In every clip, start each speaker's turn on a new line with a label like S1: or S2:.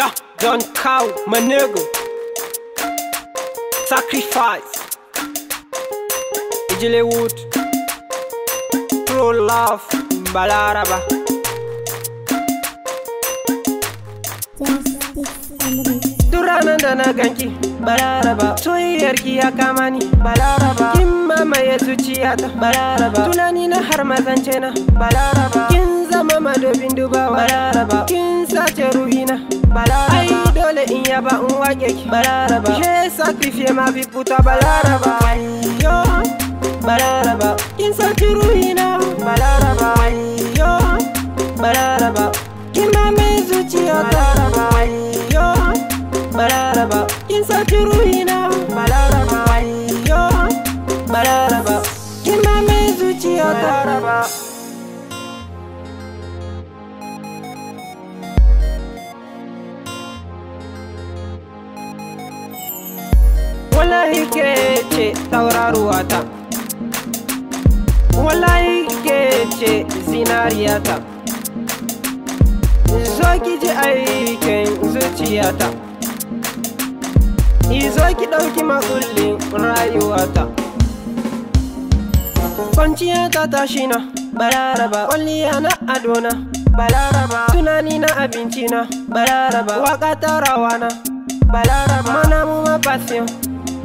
S1: Yeah, don't cow, my nigga. Sacrifice. Ijile Wood. Pro love, Balaraba. Duranandana da na ganki, balaraba. Soyayyarki ya kama ni, balaraba. Kin mamaye zuciyata, balaraba. Tunani na harmazanchena. na, balaraba. Kin zama madobin balaraba. Kin yake balaraba she sacrifice ma fi puta balaraba yo balaraba kin saki ruhina balaraba yo balaraba kin ma mai zuciya balaraba yo balaraba kin saki ruhina balaraba yo balaraba kin ma mai zuciya balaraba wallahi ke ce tauraruwata wallahi ke ce zinariyata zo ki ji aikin zuciyata izo ki ɗauki rayuwa rayuwata kwanciya ta tashi na balaraba kwalliya na adona balaraba tunani na abinci na balaraba waka ta rawana balaraba mana mu ma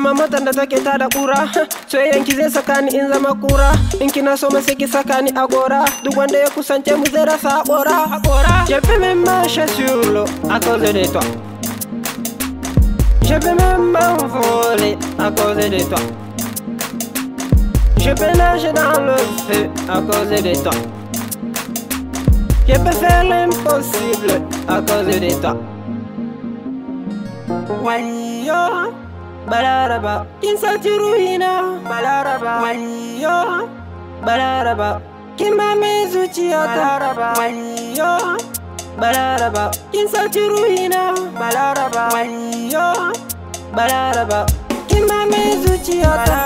S1: Maman t'as da take ta da kura soyayyan ki sakani in zama kura soma na sakani agora gora duk wanda ya kusance mu je peux même marcher sur l'eau à cause de toi je peux même m'envoler à cause de toi je peux nager dans le feu à cause de toi je peux faire l'impossible à cause de toi. Why balaraba kin saci ruhina balaraba waliyo balaraba kin Ba mame zuciyata waliyo balaraba kin saci ruhina balaraba waliyo balaraba kin mame zuciyata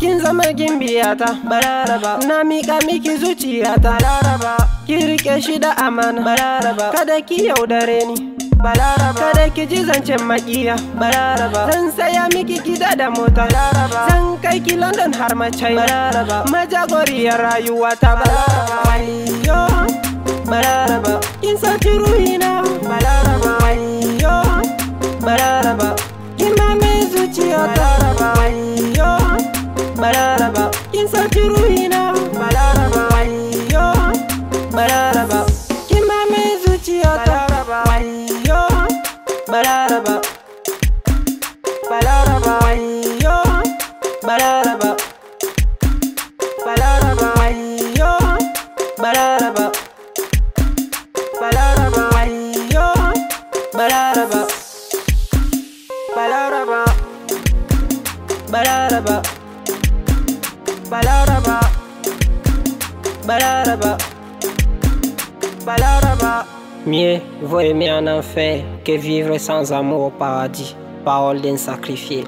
S1: kin zama gimbiyata balaraba na miƙa miki zuciyata balaraba ki rike shi da amana balaraba kada ki yaudare ni balaraba kada ki ji zancen makiya balaraba zan saya miki gida da mota balaraba zan kai ki london har macai balaraba majagoriyar rayuwa ta balaraba wayo balaraba kin saki ruhina balaraba wayo balaraba kin ma mame zuciya balaraba wayo balaraba kin saki ruhina Balaraba. Balaraba. Yo. Balaraba. Balaraba. Yo. Balaraba. Balaraba. Yo. Balaraba. Balaraba. Balaraba. Balaraba. Balaraba. Balaraba. Mieux vaut aimer en enfer que vivre sans amour au paradis. Parole d'un sacrifié.